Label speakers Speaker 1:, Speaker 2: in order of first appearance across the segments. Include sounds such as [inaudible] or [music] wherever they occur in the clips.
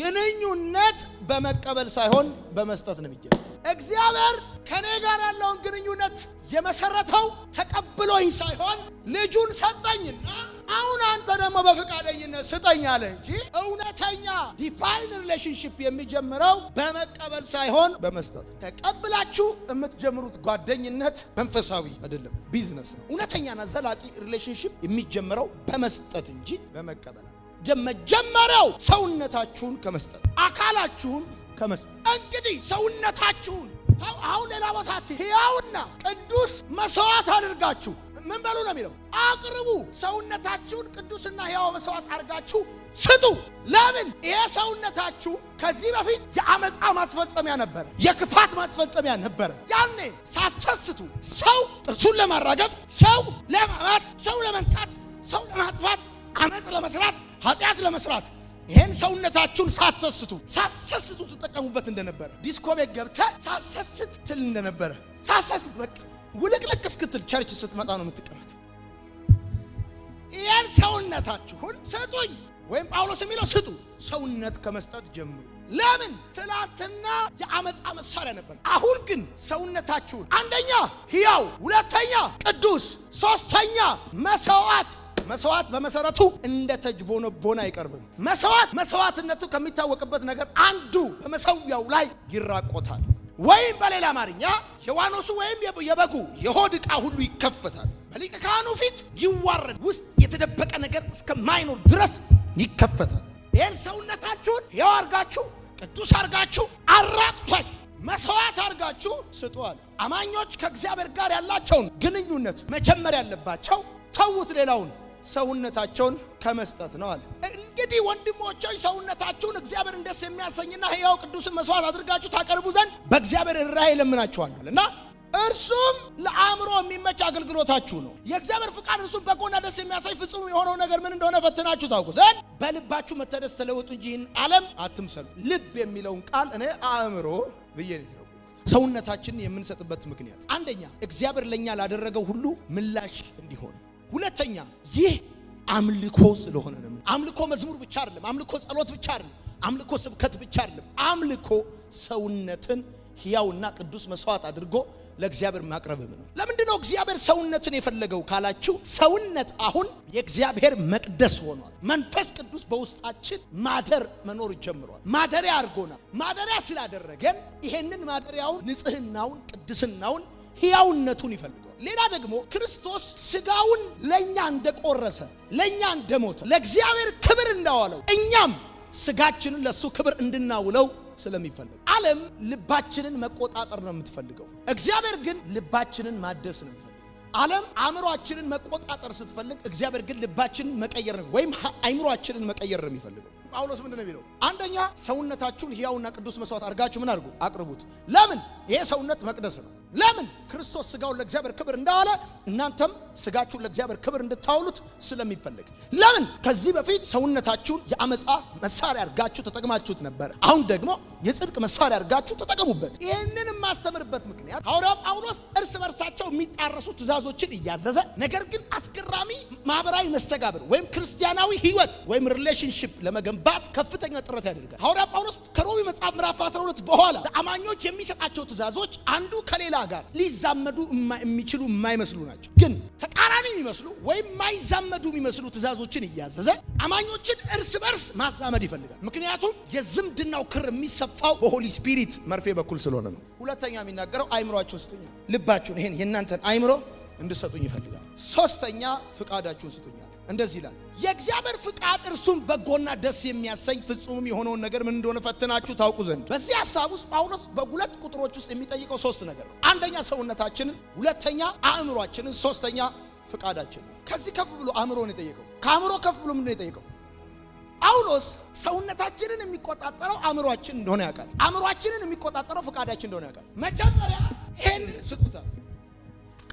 Speaker 1: ግንኙነት በመቀበል ሳይሆን በመስጠት ነው የሚጀምር። እግዚአብሔር ከኔ ጋር ያለውን ግንኙነት የመሰረተው ተቀብሎኝ ሳይሆን ልጁን ሰጠኝና አሁን አንተ ደግሞ በፈቃደኝነት ስጠኝ አለ እንጂ እውነተኛ ዲፋይን ሪሌሽንሽፕ የሚጀምረው በመቀበል ሳይሆን በመስጠት። ተቀብላችሁ የምትጀምሩት ጓደኝነት መንፈሳዊ አይደለም፣ ቢዝነስ ነው። እውነተኛና ዘላቂ ሪሌሽንሽፕ የሚጀምረው በመስጠት እንጂ በመቀበል የመጀመሪያው ሰውነታችሁን ከመስጠት አካላችሁን ከመስጠት እንግዲህ ሰውነታችሁን አሁን ሌላ ቦታ ሕያውና ቅዱስ መስዋዕት አድርጋችሁ ምን በሉ ነው የሚለው? አቅርቡ ሰውነታችሁን ቅዱስና ሕያው መስዋዕት አድርጋችሁ ስጡ። ለምን? ይሄ ሰውነታችሁ ከዚህ በፊት የአመፃ ማስፈጸሚያ ነበረ፣ የክፋት ማስፈጸሚያ ነበረ። ያኔ ሳትሰስቱ ሰው ጥርሱን ለማራገፍ፣ ሰው ለማማት፣ ሰው ለመንካት፣ ሰው ለማጥፋት፣ አመፅ ለመስራት ኃጢአት ለመስራት ይህን ሰውነታችሁን ሳትሰስቱ ሳትሰስቱ ትጠቀሙበት እንደነበረ ዲስኮ ቤት ገብተ ሳትሰስት ትል እንደነበረ ሳትሰስት በቃ ውልቅልቅ እስክትል ቸርች ስትመጣ ነው የምትቀመጥ። ይህን ሰውነታችሁን ስጡኝ፣ ወይም ጳውሎስ የሚለው ስጡ። ሰውነት ከመስጠት ጀምሩ። ለምን ትናንትና የአመፃ መሳሪያ ነበር። አሁን ግን ሰውነታችሁን አንደኛ ሕያው፣ ሁለተኛ ቅዱስ፣ ሶስተኛ መስዋዕት መስዋዕት በመሰረቱ እንደ ተጅቦነቦነ አይቀርብም። መስዋዕት መስዋዕትነቱ ከሚታወቅበት ነገር አንዱ በመሰዊያው ላይ ይራቆታል፣ ወይም በሌላ አማርኛ የዋኖሱ ወይም የበጉ የሆድ ዕቃ ሁሉ ይከፈታል። በሊቀ ካህኑ ፊት ይዋረድ፣ ውስጥ የተደበቀ ነገር እስከማይኖር ድረስ ይከፈታል። ይህን ሰውነታችሁን ሕያው አርጋችሁ ቅዱስ አርጋችሁ አራቅቷችሁ መስዋዕት አርጋችሁ ስጧል። አማኞች ከእግዚአብሔር ጋር ያላቸውን ግንኙነት መጀመር ያለባቸው ተዉት ሌላውን ሰውነታቸውን ከመስጠት ነው አለ። እንግዲህ ወንድሞች ሆይ ሰውነታችሁን እግዚአብሔርን ደስ የሚያሰኝና ሕያው ቅዱስን መስዋዕት አድርጋችሁ ታቀርቡ ዘንድ በእግዚአብሔር ርኅራኄ ይለምናችኋል እና እርሱም ለአእምሮ የሚመች አገልግሎታችሁ ነው። የእግዚአብሔር ፍቃድ እርሱም በጎና ደስ የሚያሳይ ፍጹም የሆነው ነገር ምን እንደሆነ ፈትናችሁ ታውቁ ዘንድ በልባችሁ መተደስ ተለወጡ እንጂ ይህን ዓለም አትምሰሉ። ልብ የሚለውን ቃል እኔ አእምሮ ብዬ ነው ሰውነታችንን የምንሰጥበት ምክንያት አንደኛ እግዚአብሔር ለእኛ ላደረገው ሁሉ ምላሽ እንዲሆን ሁለተኛ ይህ አምልኮ ስለሆነ ነው። አምልኮ መዝሙር ብቻ አይደለም። አምልኮ ጸሎት ብቻ አይደለም። አምልኮ ስብከት ብቻ አይደለም። አምልኮ ሰውነትን ሕያውና ቅዱስ መስዋዕት አድርጎ ለእግዚአብሔር ማቅረብም ነው። ለምንድን እግዚአብሔር ሰውነትን የፈለገው ካላችሁ፣ ሰውነት አሁን የእግዚአብሔር መቅደስ ሆኗል። መንፈስ ቅዱስ በውስጣችን ማደር መኖር ጀምሯል። ማደሪያ አድርጎናል። ማደሪያ ስላደረገን ይሄንን ማደሪያውን፣ ንጽህናውን፣ ቅድስናውን፣ ሕያውነቱን ይፈልጋል። ሌላ ደግሞ ክርስቶስ ስጋውን ለእኛ እንደቆረሰ ለእኛ እንደሞተ ለእግዚአብሔር ክብር እንዳዋለው እኛም ስጋችንን ለእሱ ክብር እንድናውለው ስለሚፈልግ ዓለም ልባችንን መቆጣጠር ነው የምትፈልገው። እግዚአብሔር ግን ልባችንን ማደስ ነው የሚፈልገው። ዓለም አእምሯችንን መቆጣጠር ስትፈልግ፣ እግዚአብሔር ግን ልባችንን መቀየር ነው ወይም አእምሯችንን መቀየር ነው የሚፈልገው። ጳውሎስ ምንድን ነው የሚለው? አንደኛ ሰውነታችሁን ሕያውና ቅዱስ መስዋዕት አድርጋችሁ ምን አድርጉ? አቅርቡት። ለምን? ይሄ ሰውነት መቅደስ ነው። ለምን? ክርስቶስ ስጋውን ለእግዚአብሔር ክብር እንዳዋለ እናንተም ስጋችሁን ለእግዚአብሔር ክብር እንድታውሉት ስለሚፈልግ። ለምን? ከዚህ በፊት ሰውነታችሁን የአመፃ መሳሪያ አድርጋችሁ ተጠቅማችሁት ነበር። አሁን ደግሞ የጽድቅ መሳሪያ አድርጋችሁ ተጠቀሙበት። ይህንን የማስተምርበት ምክንያት ሐዋርያው ጳውሎስ እርስ በርሳቸው የሚጣረሱ ትእዛዞችን እያዘዘ ነገር ግን አስገራሚ ማህበራዊ መስተጋብር ወይም ክርስቲያናዊ ህይወት ወይም ሪሌሽንሽፕ ለመገንባት ከፍተኛ ጥረት ያደርጋል። ሐዋርያው ጳውሎስ ከሮቢ መጽሐፍ ምዕራፍ 12 በኋላ ለአማኞች የሚሰጣቸው ትእዛዞች አንዱ ከሌላ ጋር ሊዛመዱ የሚችሉ የማይመስሉ ናቸው ግን ተቃራኒ የሚመስሉ ወይም ማይዛመዱ የሚመስሉ ትእዛዞችን እያዘዘ አማኞችን እርስ በርስ ማዛመድ ይፈልጋል። ምክንያቱም የዝምድናው ክር የሚሰፋው በሆሊ ስፒሪት መርፌ በኩል ስለሆነ ነው። ሁለተኛ የሚናገረው አይምሯችሁን ስጡኛ፣ ልባችሁን ይህን የእናንተን አይምሮ እንድሰጡኝ ይፈልጋል። ሶስተኛ ፍቃዳችሁን ስጡኛል። እንደዚህ ይላል የእግዚአብሔር ፍቃድ እርሱም በጎና ደስ የሚያሰኝ ፍጹምም የሆነውን ነገር ምን እንደሆነ ፈትናችሁ ታውቁ ዘንድ። በዚህ ሀሳብ ውስጥ ጳውሎስ በሁለት ቁጥሮች ውስጥ የሚጠይቀው ሶስት ነገር ነው። አንደኛ ሰውነታችንን፣ ሁለተኛ አእምሯችንን፣ ሶስተኛ ፍቃዳችንን። ከዚህ ከፍ ብሎ አእምሮ ነው የጠየቀው። ከአእምሮ ከፍ ብሎ ምንድን ነው የጠየቀው? ጳውሎስ ሰውነታችንን የሚቆጣጠረው አእምሯችን እንደሆነ ያውቃል። አእምሯችንን የሚቆጣጠረው ፍቃዳችን እንደሆነ ያውቃል። መጀመሪያ ይህንን ስጡታል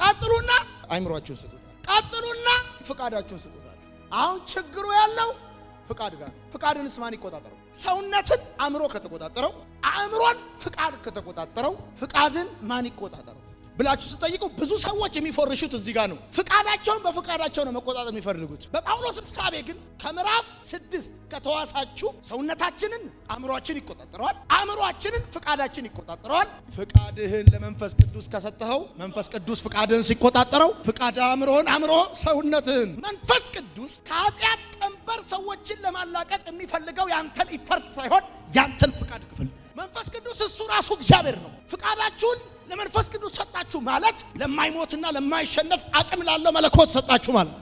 Speaker 1: ቀጥሉና አይምሯችሁን ስጡታል። ቀጥሉና ፍቃዳችሁን ስጡታል። አሁን ችግሩ ያለው ፍቃድ ጋር ፍቃድንስ ማን ይቆጣጠረው? ሰውነትን አእምሮ ከተቆጣጠረው፣ አእምሮን ፍቃድ ከተቆጣጠረው፣ ፍቃድን ማን ይቆጣጠረው? ብላችሁ ስጠይቁ ብዙ ሰዎች የሚፈርሹት እዚህ ጋር ነው። ፍቃዳቸውን በፍቃዳቸው ነው መቆጣጠር የሚፈልጉት። በጳውሎስ ሳቤ ግን ከምዕራፍ ስድስት ከተዋሳችሁ ሰውነታችንን አእምሯችን ይቆጣጠረዋል፣ አእምሯችንን ፍቃዳችን ይቆጣጠረዋል። ፍቃድህን ለመንፈስ ቅዱስ ከሰጠኸው መንፈስ ቅዱስ ፍቃድህን ሲቆጣጠረው ፍቃድ አእምሮህን፣ አእምሮ ሰውነትህን። መንፈስ ቅዱስ ከኃጢአት ቀንበር ሰዎችን ለማላቀቅ የሚፈልገው ያንተን ኢፈርት ሳይሆን ያንተን ፍቃድ ክፍል መንፈስ ቅዱስ እሱ ራሱ እግዚአብሔር ነው። ፍቃዳችሁን ለመንፈስ ቅዱስ ሰጣችሁ ማለት ለማይሞትና ለማይሸነፍ አቅም ላለው መለኮት ሰጣችሁ ማለት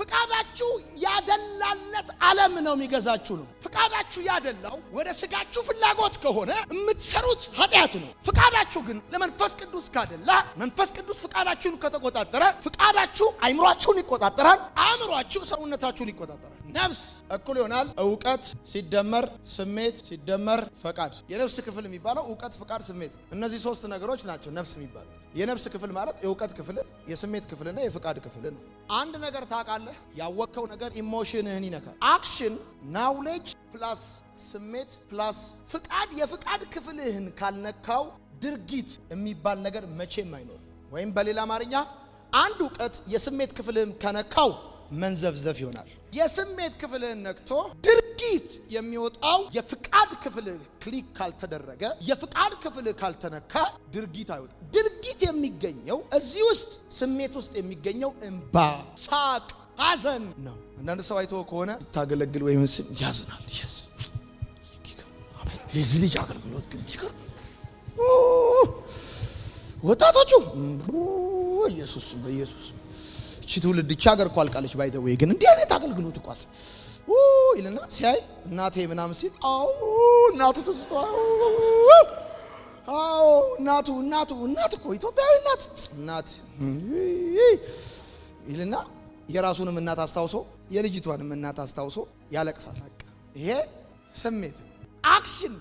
Speaker 1: ፍቃዳችሁ ያደላለት ዓለም ነው የሚገዛችሁ ነው። ፍቃዳችሁ ያደላው ወደ ስጋችሁ ፍላጎት ከሆነ የምትሰሩት ኃጢአት ነው። ፍቃዳችሁ ግን ለመንፈስ ቅዱስ ካደላ፣ መንፈስ ቅዱስ ፍቃዳችሁን ከተቆጣጠረ፣ ፍቃዳችሁ አይምሯችሁን ይቆጣጠራል፣ አእምሯችሁ ሰውነታችሁን ይቆጣጠራል። ነፍስ እኩል ይሆናል እውቀት ሲደመር ስሜት ሲደመር ፈቃድ። የነፍስ ክፍል የሚባለው እውቀት፣ ፈቃድ፣ ስሜት እነዚህ ሶስት ነገሮች ናቸው ነፍስ የሚባሉት። የነፍስ ክፍል ማለት የእውቀት ክፍል፣ የስሜት ክፍልና የፈቃድ ክፍል ነው። አንድ ነገር ታውቃለህ፣ ያወቅከው ነገር ኢሞሽንህን ይነካል። አክሽን ናውሌጅ ፕላስ ስሜት ፕላስ ፍቃድ የፍቃድ ክፍልህን ካልነካው ድርጊት የሚባል ነገር መቼም አይኖርም። ወይም በሌላ አማርኛ አንድ እውቀት የስሜት ክፍልህን ከነካው መንዘፍዘፍ ይሆናል። የስሜት ክፍልህን ነክቶ ድርጊት የሚወጣው የፍቃድ ክፍልህ ክሊክ ካልተደረገ፣ የፍቃድ ክፍልህ ካልተነካ ድርጊት አይወጣም። ድርጊት የሚገኘው እዚህ ውስጥ ስሜት ውስጥ የሚገኘው እንባ፣ ሳቅ፣ ሐዘን ነው። አንዳንድ ሰው አይቶ ከሆነ ስታገለግል ወይም ስም ያዝናል። የዚህ ልጅ አገልግሎት ግን ወጣቶቹ በኢየሱስ በኢየሱስ እቺ ትውልድ እቺ ሀገር እኮ አልቃለች። ባይተወይ ግን እንዲህ አይነት አገልግሎት እኳስ ይልና ሲያይ እናቴ ምናምን ሲል አዎ እናቱ ትስቶ አዎ እናቱ እናቱ እናት እኮ ኢትዮጵያዊ እናት እናት ይልና የራሱንም እናት አስታውሶ የልጅቷንም እናት አስታውሶ ያለቅሳል። ይሄ ስሜት አክሽን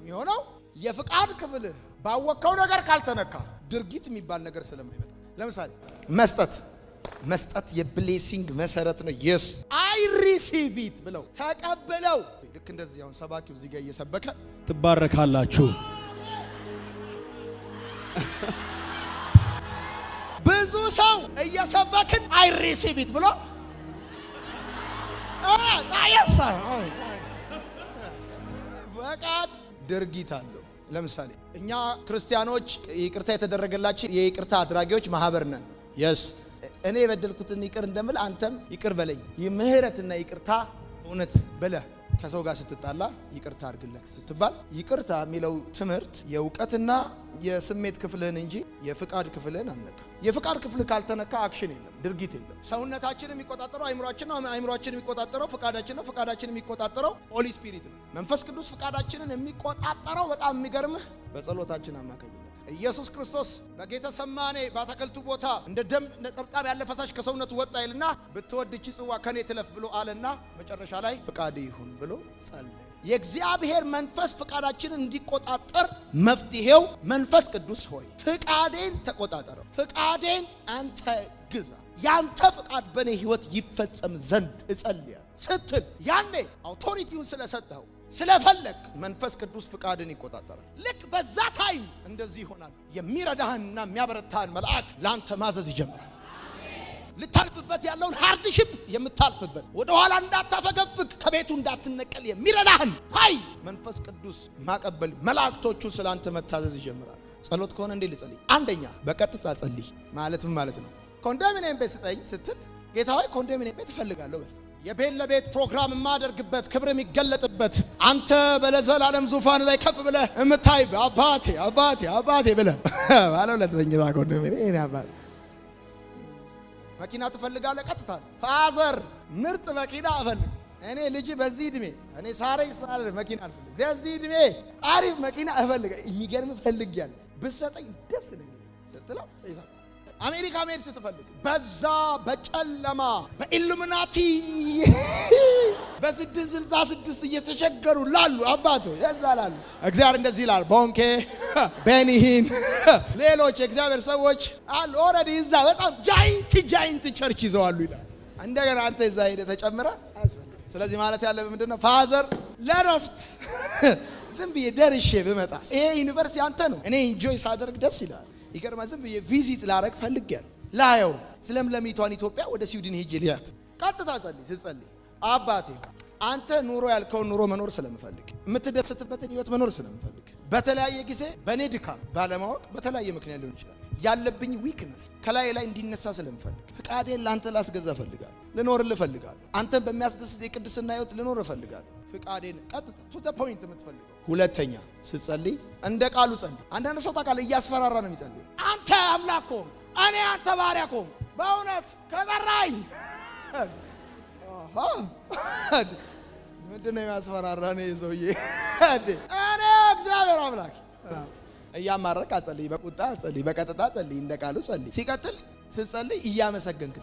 Speaker 1: የሚሆነው የፍቃድ ክፍልህ ባወቀው ነገር ካልተነካ ድርጊት የሚባል ነገር ስለማይመጣ ለምሳሌ መስጠት መስጠት የብሌሲንግ መሰረት ነው። የስ አይ ሪሲቭ ኢት ብለው ተቀብለው ልክ እንደዚህ አሁን ሰባኪው እዚህ ጋር እየሰበከ
Speaker 2: ትባረካላችሁ።
Speaker 1: ብዙ ሰው እየሰበክን አይ ሪሲቭ ኢት ብሎ ጣየሳ ፈቃድ ድርጊት አለው። ለምሳሌ እኛ ክርስቲያኖች ይቅርታ የተደረገላችን የይቅርታ አድራጊዎች ማህበር ነን። የስ እኔ የበደልኩትን ይቅር እንደምል አንተም ይቅር በለኝ። ምህረትና ይቅርታ እውነት ብለህ ከሰው ጋር ስትጣላ ይቅርታ አድርግለት ስትባል ይቅርታ የሚለው ትምህርት የእውቀትና የስሜት ክፍልህን እንጂ የፍቃድ ክፍልህን አልነካ። የፍቃድ ክፍል ካልተነካ አክሽን የለም፣ ድርጊት የለም። ሰውነታችን የሚቆጣጠረው አይምሯችን ነው። አይምሯችን የሚቆጣጠረው ፍቃዳችን ነው። ፍቃዳችን የሚቆጣጠረው ሆሊ ስፒሪት ነው። መንፈስ ቅዱስ ፍቃዳችንን የሚቆጣጠረው በጣም የሚገርምህ በጸሎታችን አማካኝነት ኢየሱስ ክርስቶስ በጌተሰማኔ ሰማኔ በአትክልቱ ቦታ እንደ ደም ነጠብጣብ ያለ ፈሳሽ ከሰውነቱ ወጣ ይልና ብትወድ ጽዋ ከኔ ትለፍ ብሎ አለና መጨረሻ ላይ ፍቃድ ይሁን ብሎ ጸለየ። የእግዚአብሔር መንፈስ ፍቃዳችንን እንዲቆጣጠር መፍትሄው መንፈስ ቅዱስ ሆይ ፍቃዴን ተቆጣጠረው፣ ፍቃዴን አንተ ግዛ፣ ያንተ ፍቃድ በእኔ ህይወት ይፈጸም ዘንድ እጸልያለሁ ስትል ያኔ አውቶሪቲውን ስለሰጠኸው ስለፈለግ መንፈስ ቅዱስ ፍቃድን ይቆጣጠራል። ልክ በዛ ታይም እንደዚህ ይሆናል። የሚረዳህንና የሚያበረታህን መልአክ ለአንተ ማዘዝ ይጀምራል። ልታልፍበት ያለውን ሃርድሽፕ የምታልፍበት ወደኋላ እንዳታፈገፍግ ከቤቱ እንዳትነቀል የሚረዳህን ሀይ መንፈስ ቅዱስ ማቀበል መላእክቶቹ ስለ አንተ መታዘዝ ይጀምራል። ጸሎት ከሆነ እንዴ ልጸልይ? አንደኛ በቀጥታ ጸልይ። ማለትም ማለት ነው ኮንዶሚኒየም ቤት ስጠኝ ስትል ጌታ ሆይ ኮንዶሚኒየም ቤት እፈልጋለሁ በል የቤት ለቤት ፕሮግራም የማደርግበት ክብር የሚገለጥበት አንተ በለዘላለም ዙፋን ላይ ከፍ ብለህ እምታይ አባቴ አባቴ አባቴ ብለህ [laughs] ባለሁለት መኝታ መኪና ትፈልጋለህ? ቀጥታ ፋዘር ምርጥ መኪና እፈልግ እኔ ልጅ በዚህ እድሜ እኔ ሳሬ ሳለ መኪና አልፈልግ በዚህ እድሜ አሪፍ መኪና እፈልግ የሚገርም ፈልግ ያለ ብሰጠኝ ደስ ነኝ ስትለው አሜሪካ መሄድ ስትፈልግ በዛ በጨለማ በኢሉሚናቲ [laughs] በስድስት ስልሳ ስድስት እየተቸገሩ ላሉ አባቶ ዛ ላሉ እግዚአብሔር እንደዚህ ይላል። ቦንኬ ቤኒሂን፣ [laughs] ሌሎች የእግዚአብሔር ሰዎች አሉ። ኦልሬዲ እዛ በጣም ጃይንት ጃይንት ቸርች ይዘዋሉ ይላል። እንደገና አንተ እዛ ሄደ ተጨምረ አያስፈልግም። ስለዚህ ማለት ያለ ምንድን ነው? ፋዘር ለረፍት [laughs] ዝም ብዬ ደርሼ ብመጣ ይሄ ዩኒቨርሲቲ አንተ ነው፣ እኔ ኢንጆይ ሳደርግ ደስ ይላል። ይገርማ ዝም ብዬ ቪዚት ላረግ ፈልጌያለሁ። ላየው ስለምለሚቷን ኢትዮጵያ ወደ ስዊድን ሄጄ ልያት ቀጥታ ጸልይ ስጸልይ አባቴ አንተ ኑሮ ያልከውን ኑሮ መኖር ስለምፈልግ የምትደሰትበትን ህይወት መኖር ስለምፈልግ በተለያየ ጊዜ በእኔ ድካም ባለማወቅ በተለያየ ምክንያት ሊሆን ይችላል ያለብኝ ዊክነስ ከላይ ላይ እንዲነሳ ስለምፈልግ ፍቃዴን ለአንተ ላስገዛ እፈልጋለሁ። ልኖር እፈልጋለሁ። አንተን በሚያስደስት የቅድስና ህይወት ልኖር እፈልጋለሁ። ፍቃዴን ቀጥታ ቱ ዘ ፖይንት የምትፈልገው። ሁለተኛ ስትጸልይ እንደ ቃሉ ጸልይ። አንዳንድ ሰው ታውቃለህ፣ እያስፈራራ ነው የሚጸልይ። አንተ አምላክ ኮ እኔ አንተ ባሪያ ኮ በእውነት ከጠራኝ ምንድን ነው የሚያስፈራራ? ነው ሰውዬ እኔ እግዚአብሔር አምላክ እያማረቅ አጸልይ፣ በቁጣ አጸልይ፣ በቀጥታ አጸልይ፣ እንደ ቃሉ ጸልይ። ሲቀጥል ስትጸልይ እያመሰገንክ